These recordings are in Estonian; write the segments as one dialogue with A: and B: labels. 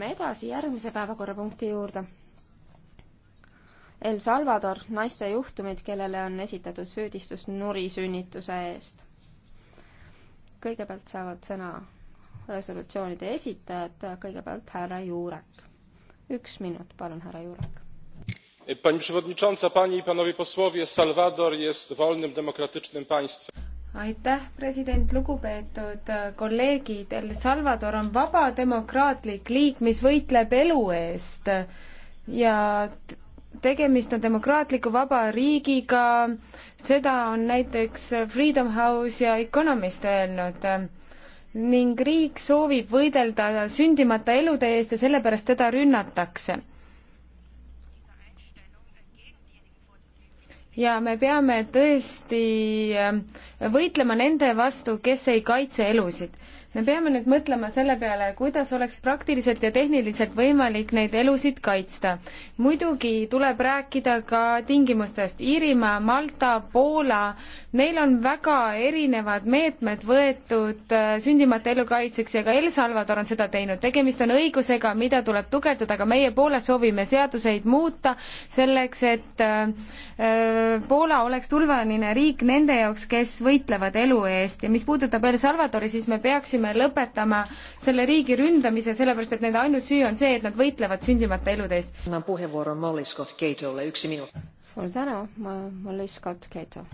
A: Lähme edasi järgmise päevakorrapunkti juurde. El Salvador, naiste juhtumid, kellele on esitatud süüdistus nurisünnituse eest. kõigepealt saavad sõna resolutsioonide esitajad, kõigepealt härra Juurek. üks minut, palun, härra Juurek.
B: Pani przewodnicząca, panie i panowie posłowie, Salwador jest wolnym, demokratycznym państwem
C: aitäh, president, lugupeetud kolleegid, El Salvador on vaba demokraatlik liik, mis võitleb elu eest ja tegemist on demokraatliku vaba riigiga, seda on näiteks Freedom House ja Economist öelnud ning riik soovib võidelda sündimata elude eest ja sellepärast teda rünnatakse. ja me peame tõesti võitlema nende vastu, kes ei kaitse elusid. me peame nüüd mõtlema selle peale, kuidas oleks praktiliselt ja tehniliselt võimalik neid elusid kaitsta. muidugi tuleb rääkida ka tingimustest. Iirimaa, Malta, Poola, neil on väga erinevad meetmed võetud äh, sündimata elu kaitseks ja ka El Salvador on seda teinud. tegemist on õigusega, mida tuleb tugevdada, aga meie Poolas soovime seaduseid muuta selleks, et äh, äh, Poola oleks turvaline riik nende jaoks, kes või võitlevad elu eest ja mis puudutab El Salvadori, siis me peaksime lõpetama selle riigi ründamise, sellepärast et nende ainus süü on see, et nad võitlevad sündimata elude eest. suur
A: tänu, ma, Molly Scott Cato.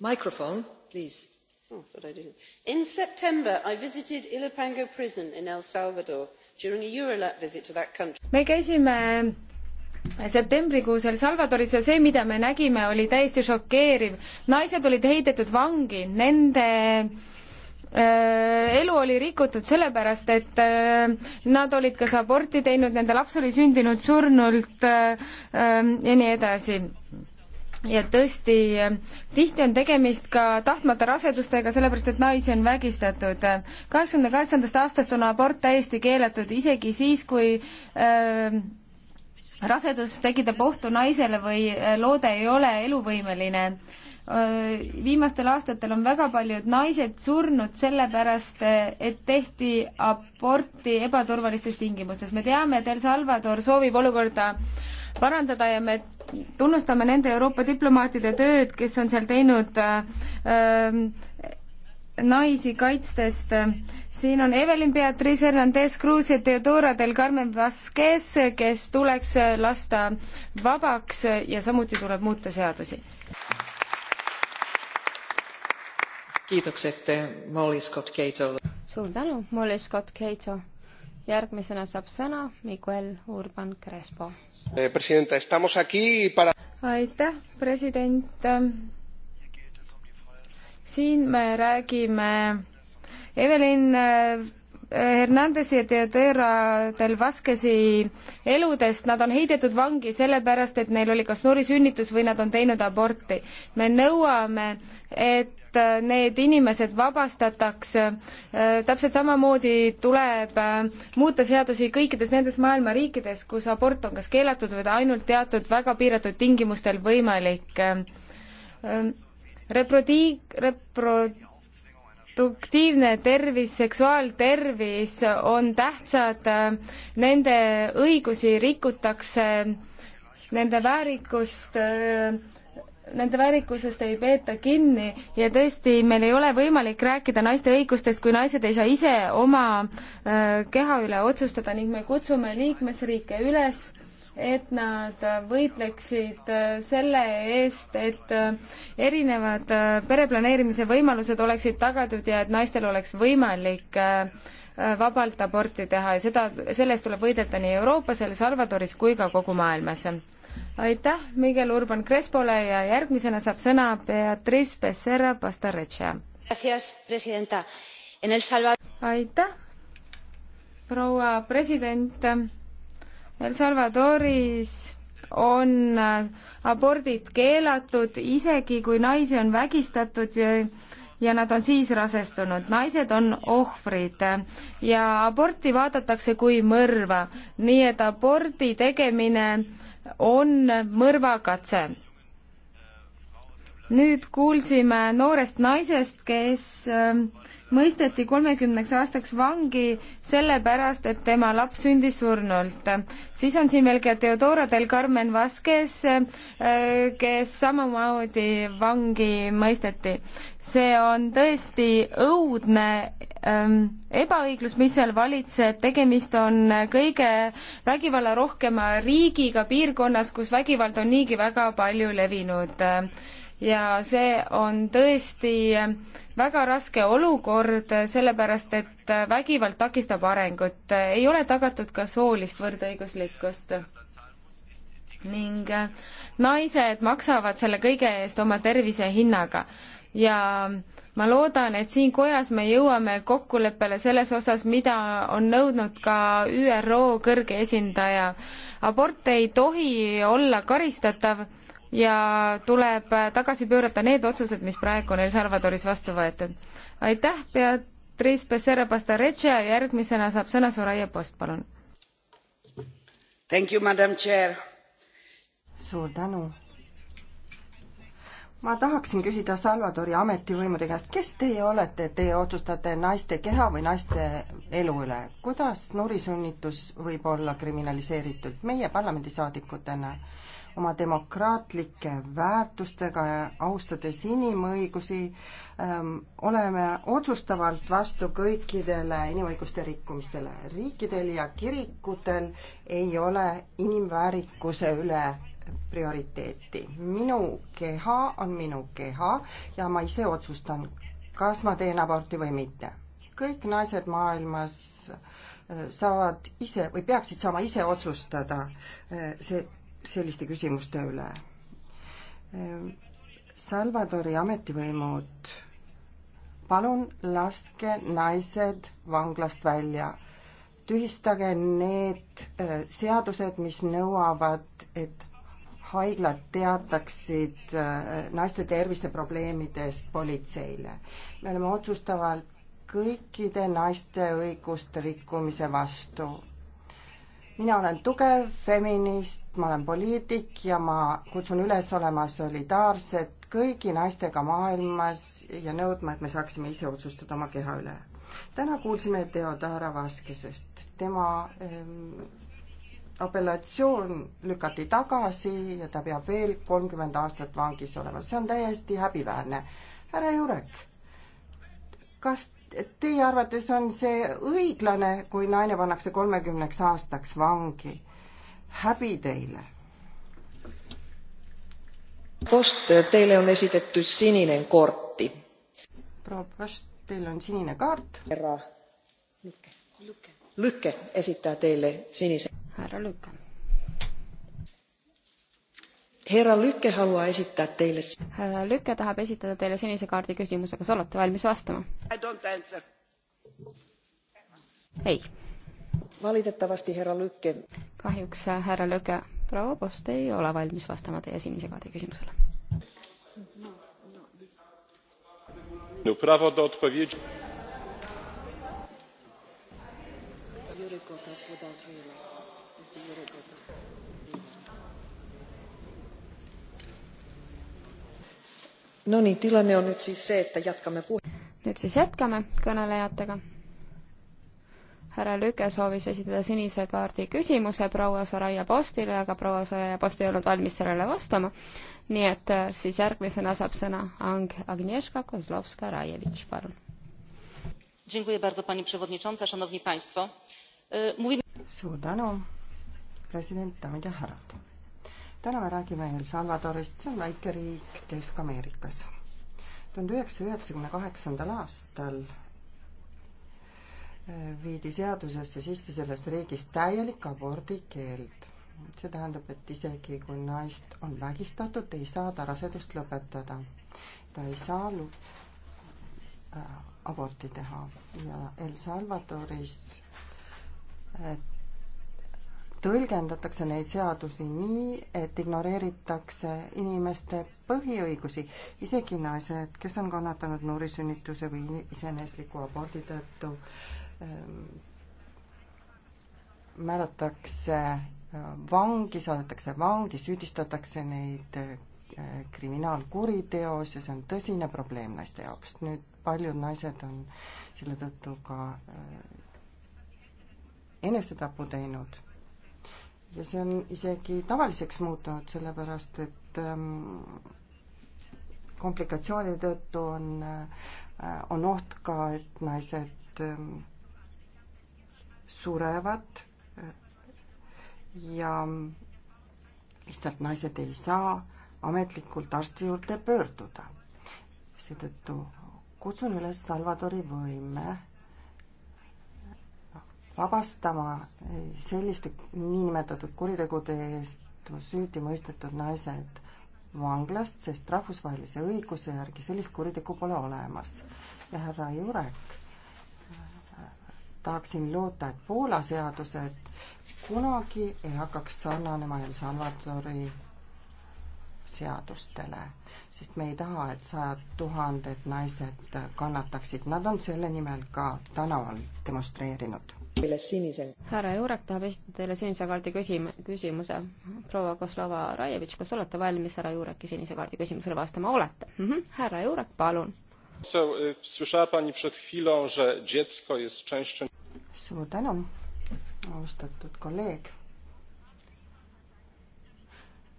C: mikrofon,
A: please. Oh, but I didn't.
B: In September, I visited Ilopango prison in El
A: Salvador during a Eurolat visit to that country.
C: me käisime septembrikuus El Salvadoris ja see, mida me nägime, oli täiesti šokeeriv. naised olid heidetud vangi, nende äh, elu oli rikutud sellepärast, et äh, nad olid kas aborti teinud, nende laps oli sündinud surnult äh, ähm, ja nii edasi ja tõesti, äh, tihti on tegemist ka tahtmata rasedustega, sellepärast et naisi on vägistatud. kaheksakümne kaheksandast aastast on abort täiesti keelatud, isegi siis, kui äh, rasedus tekitab ohtu naisele või äh, loode ei ole eluvõimeline. Äh, viimastel aastatel on väga paljud naised surnud sellepärast, äh, et tehti aborti ebaturvalistes tingimustes. me teame, et El Salvador soovib olukorda parandada ja me tunnustame nende Euroopa diplomaatide tööd, kes on seal teinud äh, naisi kaitstest. siin on Evelyn Beatriz Hernandez Cruz ja Theodora del Carmen Vasquez, kes tuleks lasta vabaks ja samuti tuleb muuta seadusi.
B: kiitokset, eh, Molly Scott Cato.
C: suur tänu, Molly Scott Cato.
A: järgmisena saab sõna Miguel Urban Crespo.
B: Eh,
C: aitäh, president siin me räägime Evelin äh, Hernandesi ja Theodora del Vaskesi eludest, nad on heidetud vangi sellepärast, et neil oli kas noorisünnitus või nad on teinud aborti. me nõuame, et äh, need inimesed vabastatakse, äh, täpselt samamoodi tuleb muuta seadusi kõikides nendes maailma riikides, kus abort on kas keelatud või ta ainult teatud väga piiratud tingimustel võimalik reprodi-, reproduktiivne tervis, seksuaaltervis on tähtsad, äh, nende õigusi rikutakse, nende väärikust äh, Nende väärikusest ei peeta kinni ja tõesti, meil ei ole võimalik rääkida naiste õigustest, kui naised ei saa ise oma äh, keha üle otsustada ning me kutsume liikmesriike üles et nad võitleksid äh, selle eest, et äh, erinevad äh, pereplaneerimise võimalused oleksid tagatud ja et naistel oleks võimalik vabalt aborti teha ja seda, selle eest tuleb võidelda nii Euroopas, El Salvadoris kui ka kogu maailmas. aitäh Miguel Urban Crespole ja järgmisena saab sõna Beatriz Becerra Pastarecha. aitäh, proua president El Salvadoris on äh, abordid keelatud, isegi kui naisi on vägistatud ja, ja nad on siis rasestunud. naised on ohvrid ja aborti vaadatakse kui mõrva, nii et abordi tegemine on mõrvakatse nüüd kuulsime noorest naisest, kes ähm, mõisteti kolmekümneks aastaks vangi sellepärast, et tema laps sündis surnult. siis on siin veel ka Theodora del Carmen Vasquez, äh, kes samamoodi vangi mõisteti. see on tõesti õudne ähm, ebaõiglus, mis seal valitseb, tegemist on kõige vägivallarohkema riigiga piirkonnas, kus vägivald on niigi väga palju levinud ja see on tõesti väga raske olukord, sellepärast et vägivald takistab arengut, ei ole tagatud ka soolist võrdõiguslikkust ning naised maksavad selle kõige eest oma tervise hinnaga ja ma loodan, et siin kojas me jõuame kokkuleppele selles osas, mida on nõudnud ka ÜRO kõrge esindaja. abort ei tohi olla karistatav ja tuleb tagasi pöörata need otsused, mis praegu on El Salvadoris vastu võetud. aitäh, Beatriz Becerra Pastareche ja järgmisena saab sõna
B: Soraya Post, palun. suur tänu. ma tahaksin küsida Salvadori ametivõimude käest, kes teie olete, et teie otsustate naiste keha või naiste elu üle, kuidas nurisunnitus võib olla kriminaliseeritud meie parlamendisaadikutena? oma demokraatlike väärtustega ja austades inimõigusi, ähm, oleme otsustavalt vastu kõikidele inimõiguste rikkumistele. riikidel ja kirikutel ei ole inimväärikuse üle prioriteeti. minu keha on minu keha ja ma ise otsustan, kas ma teen aborti või mitte. kõik naised maailmas äh, saavad ise või peaksid saama ise otsustada äh, see selliste küsimuste üle. Salvadori ametivõimud, palun laske naised vanglast välja. tühistage need äh, seadused, mis nõuavad, et haiglad teataksid äh, naiste terviseprobleemidest politseile. me oleme otsustavalt kõikide naiste õiguste rikkumise vastu mina olen tugev feminist, ma olen poliitik ja ma kutsun üles olema solidaarsed kõigi naistega maailmas ja nõudma, et me saaksime ise otsustada oma keha üle. täna kuulsime Theodora Vaskesest, tema ähm, apellatsioon lükati tagasi ja ta peab veel kolmkümmend aastat vangis olema, see on täiesti häbiväärne. härra Jurek, kas teie arvates on see õiglane, kui naine pannakse kolmekümneks aastaks vangi? häbi teile! Post, teile on esitatud sinine korti. proua Post, teil on sinine kaart. härra Lükke, Lükke esitab teile sinise. härra Lükke härra Lükke halua esitada teile.
A: härra Lükke tahab esitada teile sinise kaardi küsimuse, kas olete valmis vastama? ei.
B: valitatavasti härra Lükke.
A: kahjuks härra äh, Lükke, proua Post ei ole valmis vastama teie sinise kaardi küsimusele.
B: No, prawo do odpowiedzi. Jury Kota podał dwie lata. Jest Jury Kota. no nii, tilanne on nüüd siis see, et
A: jätkame puh-. nüüd siis jätkame kõnelejatega. härra Lüke soovis esitada sinise kaardi küsimuse proua Soraya Postile, aga proua Soraya Post ei olnud valmis sellele vastama. nii et äh, siis järgmisena saab sõna Ang-, Agnieszka
B: Kozlovska-Rajevitš, palun. suur tänu, president, daamid ja härrad täna me räägime El Salvadorist, see on väike riik Kesk-Ameerikas. tuhande üheksasaja üheksakümne kaheksandal aastal eh, viidi seadusesse sisse sellest riigist täielik abordikeeld. see tähendab, et isegi kui naist on vägistatud, ei saa ta rasedust lõpetada. ta ei saa äh, aborti teha ja El Salvadoris tõlgendatakse neid seadusi nii, et ignoreeritakse inimeste põhiõigusi, isegi naised, kes on kannatanud noorisünnituse või iseenesliku abordi tõttu ähm,, määratakse äh, vangi, saadetakse vangi, süüdistatakse neid äh, kriminaalkuriteos ja see on tõsine probleem naiste jaoks. nüüd paljud naised on selle tõttu ka äh, enesetapu teinud ja see on isegi tavaliseks muutunud, sellepärast et ähm, komplikatsiooni tõttu on äh,, on oht ka, et naised ähm, surevad äh, ja lihtsalt naised ei saa ametlikult arsti juurde pöörduda. seetõttu kutsun üles Salvadori võime vabastama eh, selliste niinimetatud kuritegude eest süüdi mõistetud naised vanglast, sest rahvusvahelise õiguse järgi sellist kuritegu pole olemas. ja härra Jurek, äh, tahaksin loota, et Poola seadused kunagi ei hakkaks sarnanema El Salvadori seadustele, sest me ei taha, et sajad tuhanded naised kannataksid, nad on selle nimel ka tänaval demonstreerinud.
A: härra Jurek tahab esitada teile sinise kaardi küsim-, küsimuse. proua Koslova Raievitš, kas olete valmis härra Jureki sinise kaardi küsimusele vastama? olete mm? -hmm. härra Jurek, palun.
B: Słyszała pani przed chwilą, że dziecko jest częścią... Suur tänu, austatud kolleeg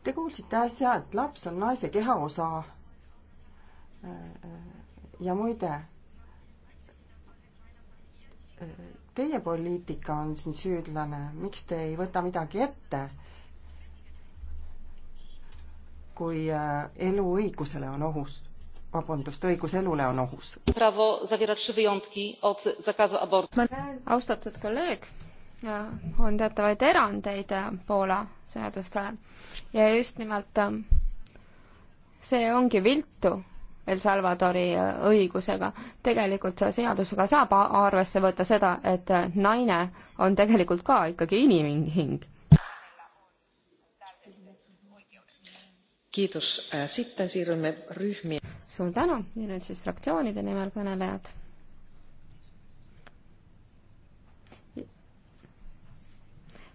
B: Te kuulsite äsja, et laps on naise kehaosa. ja muide, teie poliitika on siin süüdlane, miks te ei võta midagi ette? kui äh, elu õigusele on ohus, vabandust, õigus elule on ohus.
A: austatud kolleeg on teatavaid erandeid äh, Poola seadustele ja just nimelt ähm, see ongi viltu El Salvadori äh, õigusega. tegelikult seadusega saab arvesse võtta seda, et äh, naine on tegelikult ka ikkagi inimhing. suur tänu ja nüüd siis fraktsioonide nimel kõnelejad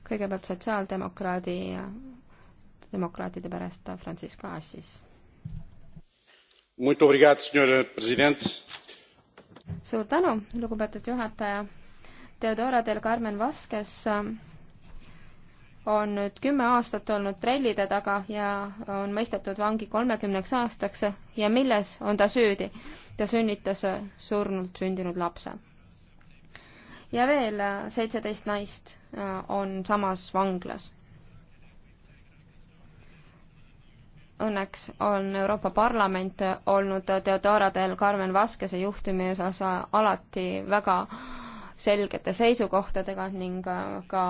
A: kõigepealt sotsiaaldemokraadi ja demokraatide pärast Francisco Assis. suur tänu, lugupeetud juhataja. Theodora del Carmen Vasquez ähm, on nüüd kümme aastat olnud trellide taga ja on mõistetud vangi kolmekümneks aastaks ja milles on ta süüdi? ta sünnitas äh, surnult sündinud lapse ja veel äh, seitseteist naist äh, on samas vanglas. Õnneks on Euroopa Parlament äh, olnud Theodora del Carmen Vaskese juhtumi osas alati väga selgete seisukohtadega ning ka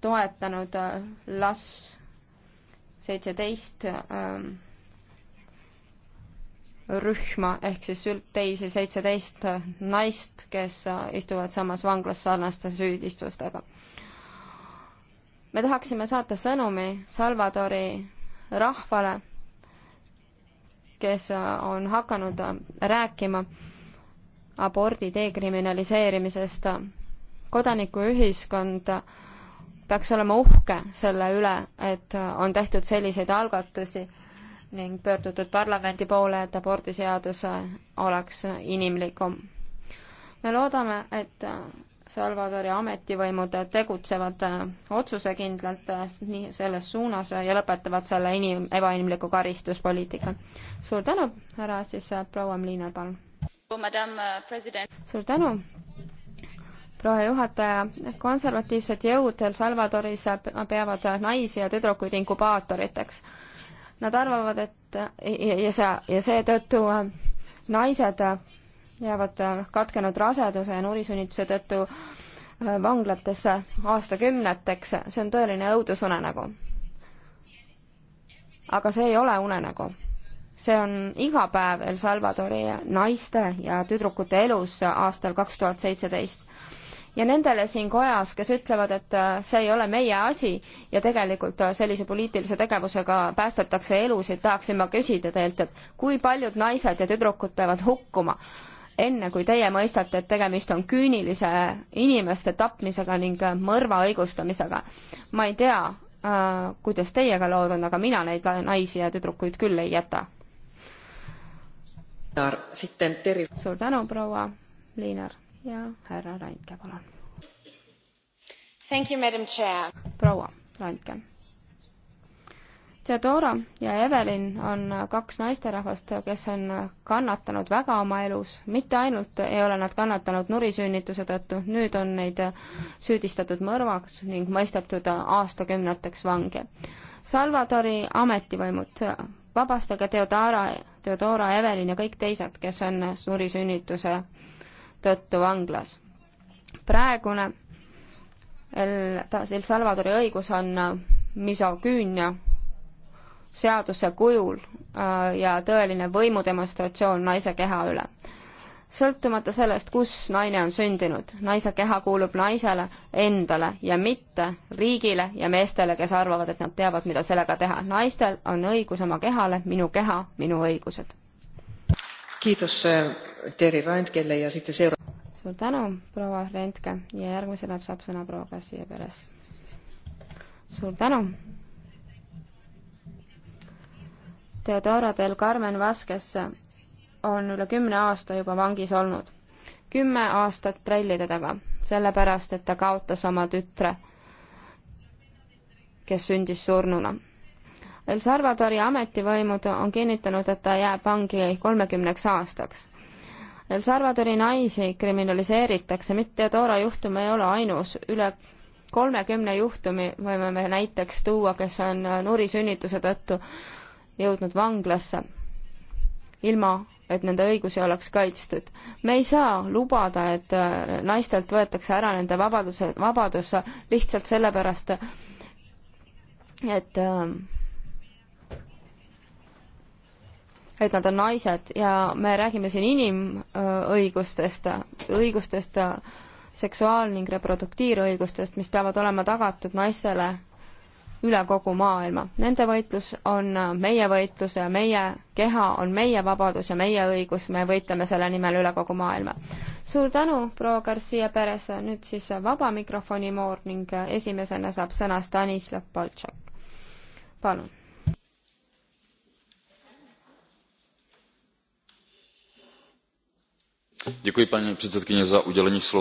A: toetanud las seitseteist ähm, rühma ehk siis teisi seitseteist naist, kes istuvad samas vanglas sarnaste süüdistustega. me tahaksime saata sõnumi Salvadori rahvale, kes on hakanud rääkima abordi dekriminaliseerimisest. kodanikuühiskond peaks olema uhke selle üle, et on tehtud selliseid algatusi ning pöördutud parlamendi poole, et abordiseadus oleks inimlikum. me loodame, et Salvadori ametivõimud tegutsevad otsusekindlalt nii selles suunas ja lõpetavad selle inim-, ebainimliku karistuspoliitika. suur tänu, härra siis proua Mliinal, palun. suur tänu, proua juhataja, konservatiivsed jõud El Salvadoris peavad naisi ja tüdrukuid inkubaatoriteks Nad arvavad, et ja, ja see, ja seetõttu äh, naised äh, jäävad äh, katkenud raseduse ja nurisünnituse tõttu vanglatesse aastakümneteks, see on tõeline õudusunenägu. aga see ei ole unenägu. see on iga päev El Salvadori naiste ja tüdrukute elus aastal kaks tuhat seitseteist ja nendele siin kojas, kes ütlevad, et äh, see ei ole meie asi ja tegelikult äh, sellise poliitilise tegevusega päästetakse elusid, tahaksin ma küsida teilt, et kui paljud naised ja tüdrukud peavad hukkuma, enne kui teie mõistate, et tegemist on küünilise inimeste tapmisega ning äh, mõrva õigustamisega. ma ei tea, kuidas teiega lood on, aga mina neid naisi ja tüdrukuid küll ei jäta. suur tänu, proua Liinar ja härra Randke, palun. proua Randke. Theodora ja Evelyn on kaks naisterahvast, kes on kannatanud väga oma elus, mitte ainult ei ole nad kannatanud nurisünnituse tõttu, nüüd on neid süüdistatud mõrvaks ning mõistetud aastakümneteks vangi. Salvadori ametivõimud, vabastage Theodora, Theodora Evelyn ja kõik teised, kes on nurisünnituse tõttu vanglas. praegune El, El Salvadori õigus on äh, misoküünia seaduse kujul äh, ja tõeline võimudemonstratsioon naise keha üle. sõltumata sellest, kus naine on sündinud, naise keha kuulub naisele endale ja mitte riigile ja meestele, kes arvavad, et nad teavad, mida sellega teha. naistel on õigus oma kehale, minu keha, minu õigused.
B: kiitos äh, Terri Randkelle ja sitten seura-.
A: suur tänu, proua Rentke ja järgmisena saab sõna proua Kassiä Peres. suur tänu. Theodora del Carmen Vasquez on üle kümne aasta juba vangis olnud. kümme aastat trellide taga, sellepärast et ta kaotas oma tütre, kes sündis surnuna. El Salvadori ametivõimud on kinnitanud, et ta jääb vangi kolmekümneks aastaks. El Salvadori naisi kriminaliseeritakse, mitte Teodora juhtum ei ole ainus, üle kolmekümne juhtumi võime me näiteks tuua, kes on nurisünnituse tõttu jõudnud vanglasse, ilma et nende õigusi oleks kaitstud. me ei saa lubada, et äh, naistelt võetakse ära nende vabaduse, vabadus lihtsalt sellepärast, et äh, et nad on naised ja me räägime siin inimõigustest, õigustest, seksuaal- ning reproduktiivõigustest, mis peavad olema tagatud naistele üle kogu maailma. Nende võitlus on meie võitlus ja meie keha on meie vabadus ja meie õigus, me võitleme selle nimel üle kogu maailma. suur tänu, proua Garcia Perez, nüüd siis vaba mikrofoni moor ning esimesena saab sõna Stanislav Boltšak. palun
B: paní předsedající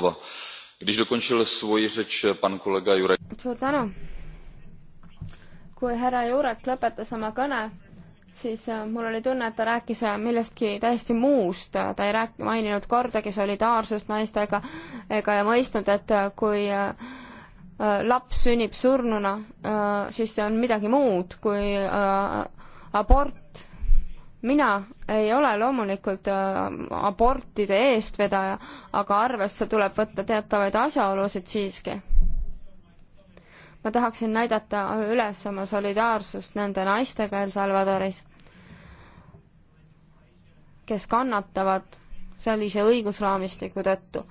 B: když dokončil svoji řeč pan kolega jurek.
A: kui härra jurek lõpetas oma kõne siis äh, mul oli tunne et ta rääkis äh, millestki täiesti muust ta ei rääk- maininud kordagi solidaarsust naistega ega ei mõistnud et äh, kui laps sünnib surnuna siis see on midagi muud kui abort mina ei ole loomulikult äh, abortide eestvedaja, aga arvesse tuleb võtta teatavaid asjaolusid siiski. ma tahaksin näidata üles oma solidaarsust nende naistega El Salvadoris, kes kannatavad sellise õigusraamistiku tõttu.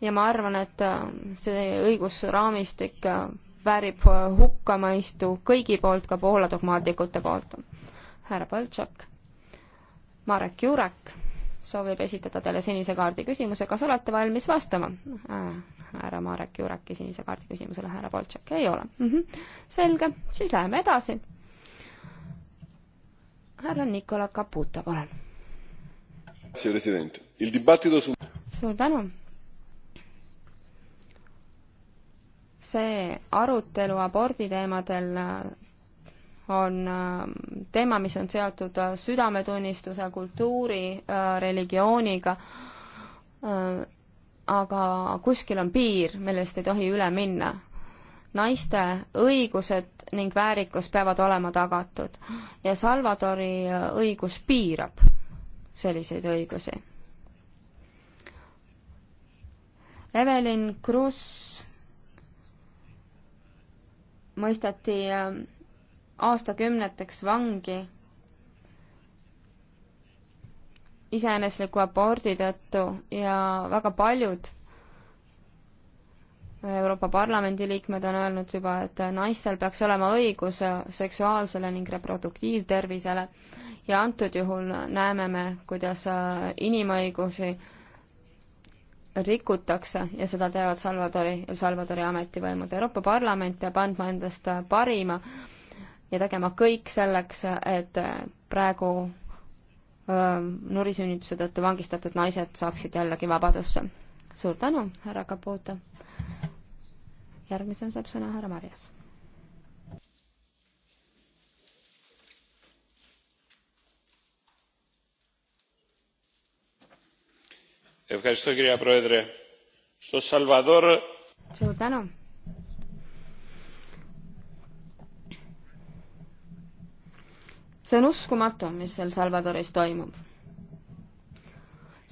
A: ja ma arvan, et äh, see õigusraamistik äh, väärib hukkamõistu kõigi poolt, ka Poola dogmaatikute poolt. härra Põltšak Marek Jurek soovib esitada teile sinise kaardi küsimuse, kas olete valmis vastama äh,? härra Marek Jureki sinise kaardi küsimusele, härra Boltšak, ei ole mm. -hmm. selge, siis läheme edasi. härra Nikola Caputo, palun. suur tänu. see arutelu abordi teemadel on ähm, teema, mis on seotud äh, südametunnistuse, kultuuri, äh, religiooniga, äh, aga kuskil on piir, millest ei tohi üle minna. naiste õigused ning väärikus peavad olema tagatud ja Salvadori õigus piirab selliseid õigusi. Evelyn Cruz mõisteti aastakümneteks vangi iseenesliku abordi tõttu ja väga paljud Euroopa Parlamendi liikmed on öelnud juba, et naistel peaks olema õigus seksuaalsele ning reproduktiivtervisele ja antud juhul näeme me, kuidas inimõigusi rikutakse ja seda teevad Salvadori, Salvadori ametivõimud. Euroopa Parlament peab andma endast parima ja tegema kõik selleks, et praegu nurisünnituse tõttu vangistatud naised saaksid jällegi vabadusse. suur tänu, härra Caputo. järgmisena saab sõna härra Marjas. suur tänu. see on uskumatu, mis El Salvadoris toimub.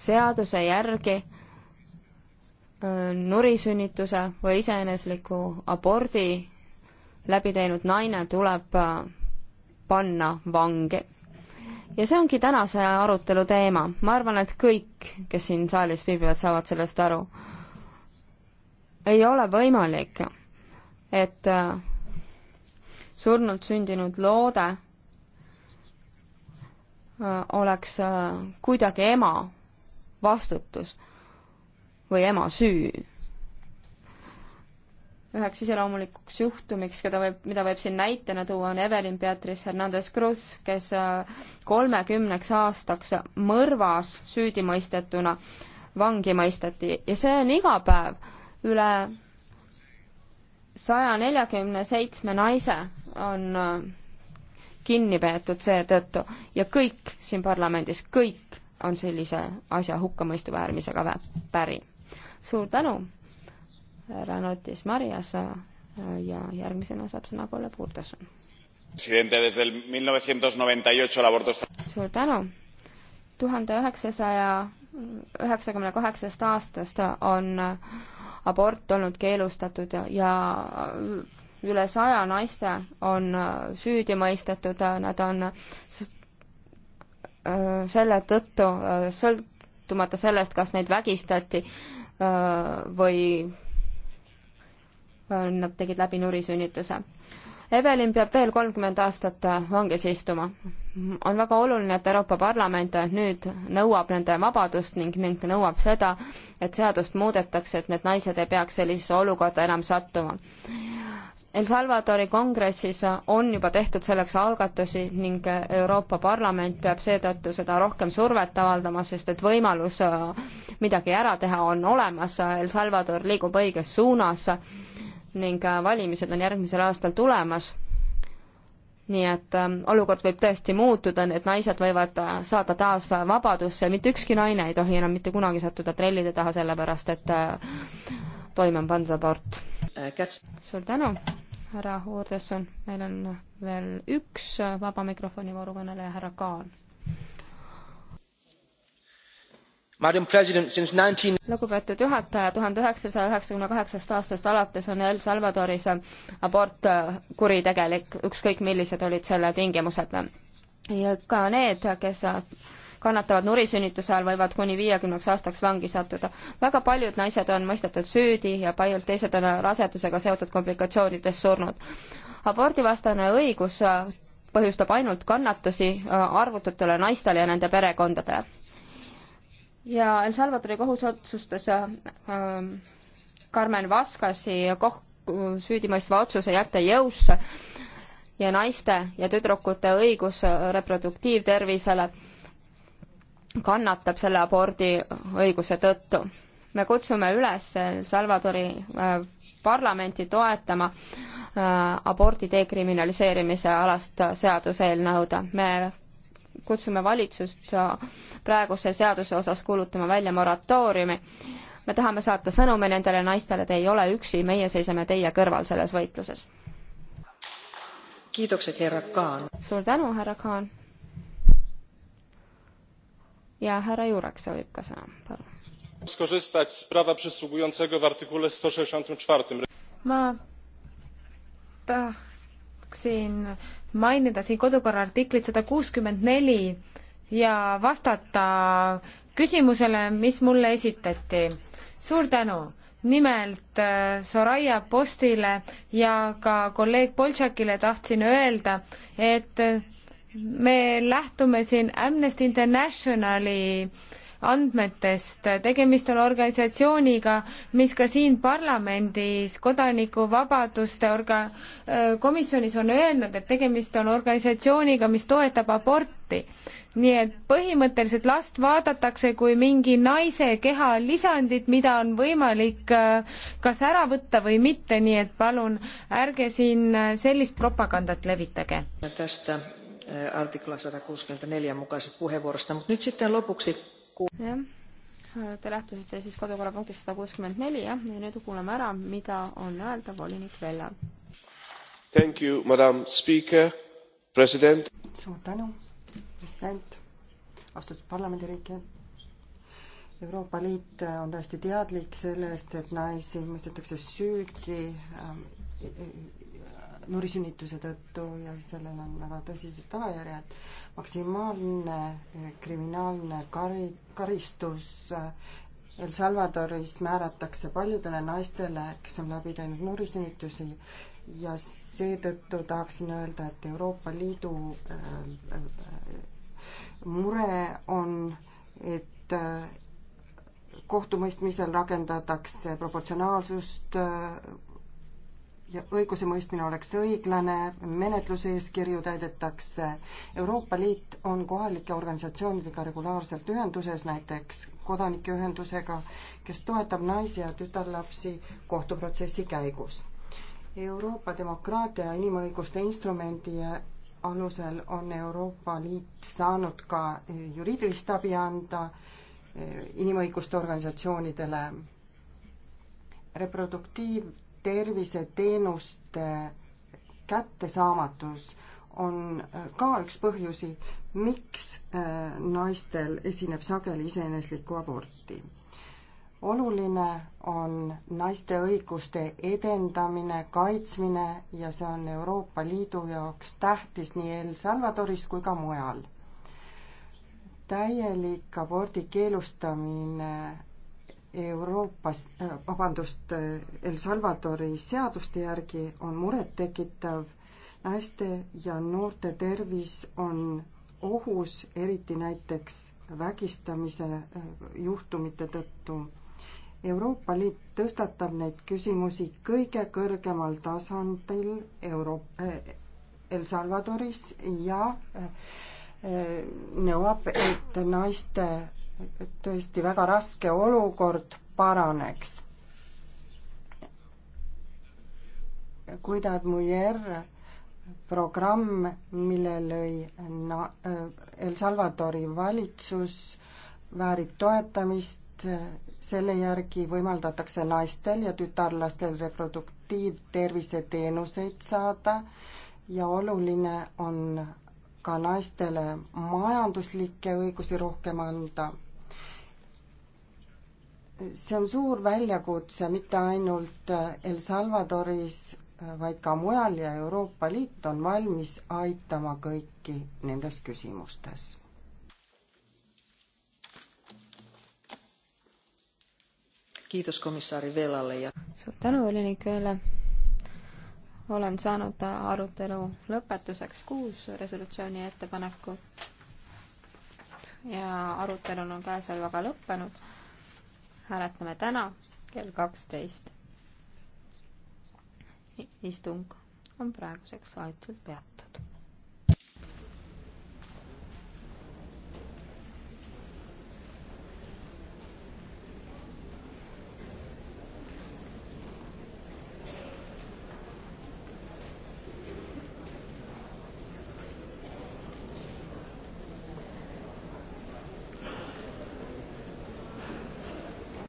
A: seaduse järgi nurisünnituse või iseenesliku abordi läbi teinud naine tuleb panna vangi. ja see ongi tänase arutelu teema. ma arvan, et kõik, kes siin saalis viibivad, saavad sellest aru. ei ole võimalik, et surnult sündinud loode Äh, oleks äh, kuidagi ema vastutus või ema süü. üheks iseloomulikuks juhtumiks, keda võib, mida võib siin näitena tuua, on Evelyn Beatriz Hernandez Cruz, kes äh, kolmekümneks aastaks mõrvas süüdi mõistetuna vangi mõisteti ja see on iga päev üle saja neljakümne seitsme naise on kinni peetud seetõttu ja kõik siin parlamendis, kõik on sellise asja hukkamõistu väärmisega vä päri. suur tänu, härra Notis Marias ja järgmisena saab sõna Kalle Puurtasun. suur tänu, tuhande üheksasaja üheksakümne kaheksast aastast on abort olnud keelustatud ja, ja üle saja naiste on äh, süüdi mõistetud, äh, nad on äh, selle tõttu, sõltumata sellest, kas neid vägistati või nad tegid läbi nurisünnituse. Evelin peab veel kolmkümmend aastat vangis istuma. on väga oluline, et Euroopa Parlament nüüd nõuab nende vabadust ning, ning nõuab seda, et seadust muudetakse, et need naised ei peaks sellisesse olukorda enam sattuma. El Salvadori kongressis on juba tehtud selleks algatusi ning Euroopa Parlament peab seetõttu seda rohkem survet avaldama, sest et võimalus äh, midagi ära teha on olemas, El Salvador liigub õiges suunas ning äh, valimised on järgmisel aastal tulemas nii et äh, olukord võib tõesti muutuda, need naised võivad äh, saada taas vabadusse, mitte ükski naine ei tohi enam mitte kunagi sattuda trellide taha, sellepärast et äh, toime on pandud abort suur tänu, härra Uurdesson, meil on veel üks vaba mikrofoni voorukõneleja, härra Kaan. lugupeetud juhataja, tuhande üheksasaja üheksakümne kaheksast aastast alates on El Salvadoris abort äh, kuritegelik, ükskõik millised olid selle tingimused. ja ka need, kes kannatavad nurisünnituse all, võivad kuni viiekümneks aastaks vangi sattuda. väga paljud naised on mõistetud süüdi ja paljud teised on rasedusega seotud komplikatsioonides surnud. abordivastane õigus äh, põhjustab ainult kannatusi äh, arvututele naistele ja nende perekondadele. ja El Salvadori kohus otsustas äh, ähm, Carmen Vaskasi koh-, süüdimõistva otsuse jätta jõusse ja naiste ja tüdrukute õigus äh, reproduktiivtervisele äh, kannatab selle abordi õiguse tõttu. me kutsume üles Salvadori äh, parlamenti toetama äh, abordi dekriminaliseerimise alast seaduseelnõud. me kutsume valitsust äh, praeguse seaduse osas kuulutama välja moratooriumi. me tahame saata sõnumi nendele naistele, te ei ole üksi, meie seisame teie kõrval selles võitluses. suur tänu, härra Khan ja härra Jurek soovib ka sõna,
B: palun.
C: ma tahaksin mainida siin kodukorra artiklit sada kuuskümmend neli ja vastata küsimusele, mis mulle esitati. suur tänu nimelt äh, Soraya Postile ja ka kolleeg Boltšakile tahtsin öelda, et me lähtume siin Amnesty Internationali andmetest, tegemist on organisatsiooniga, mis ka siin parlamendis kodanikuvabaduste orga-, äh, komisjonis on öelnud, et tegemist on organisatsiooniga, mis toetab aborti. nii et põhimõtteliselt last vaadatakse kui mingi naise keha lisandit, mida on võimalik äh, kas ära võtta või mitte, nii et palun ärge siin äh, sellist propagandat levitage.
B: tästä Äh, artikla 164 mukaisesta puheenvuorosta. Mutta nyt sitten lopuksi... Jah,
A: te lähtusite siis kodukorrapunktist 164, jah, ja nüüd kuuleme ära, mida on öelda
B: volinik Vella. Thank you, madam speaker, president. suur tänu, president, austatud parlamendiriike. Euroopa Liit on täiesti teadlik sellest, et naisi mõistetakse süüdi ähm, mürgisünnituse tõttu ja sellel on väga tõsised tagajärjed. maksimaalne eh, kriminaalne kari, karistus eh, El Salvadoris määratakse paljudele naistele, kes on läbi teinud mürgisünnitusi ja seetõttu tahaksin öelda, et Euroopa Liidu eh, mure on, et kohtumõistmisel rakendatakse proportsionaalsust, ja õigusemõistmine oleks õiglane, menetluseeskirju täidetakse. Euroopa Liit on kohalike organisatsioonidega regulaarselt ühenduses, näiteks kodanikeühendusega, kes toetab naisi ja tütarlapsi kohtuprotsessi käigus. Euroopa demokraatia ja inimõiguste instrumendi alusel on Euroopa Liit saanud ka juriidilist abi anda eh, inimõiguste organisatsioonidele reproduktiiv- terviseteenuste kättesaamatus on ka üks põhjusi, miks äh, naistel esineb sageli iseeneslikku aborti. oluline on naiste õiguste edendamine, kaitsmine ja see on Euroopa Liidu jaoks tähtis nii El Salvadoris kui ka mujal. täielik abordi keelustamine Euroopas, äh, vabandust, äh, El Salvadori seaduste järgi on murettekitav. naiste ja noorte tervis on ohus, eriti näiteks vägistamise äh, juhtumite tõttu. Euroopa Liit tõstatab neid küsimusi kõige kõrgemal tasandil Euro-, El Salvadoris ja nõuab, et naiste tõesti väga raske olukord paraneks. Cuidad Mujer programm, mille lõi na-, äh, El Salvadori valitsus, väärib toetamist, selle järgi võimaldatakse naistel ja tütarlastel reproduktiivterviseteenuseid saada ja oluline on ka naistele majanduslikke õigusi rohkem anda see on suur väljakutse mitte ainult äh, El Salvadoris, äh, vaid ka mujal ja Euroopa Liit on valmis aitama kõiki nendes küsimustes. kiidus komissari Velale ja suur
A: tänu volinik Vele. olen saanud arutelu lõpetuseks kuus resolutsiooni ettepanekut ja arutelul on käesolevaga lõppenud hääletame täna kell kaksteist. istung on praeguseks ajutiselt peatud.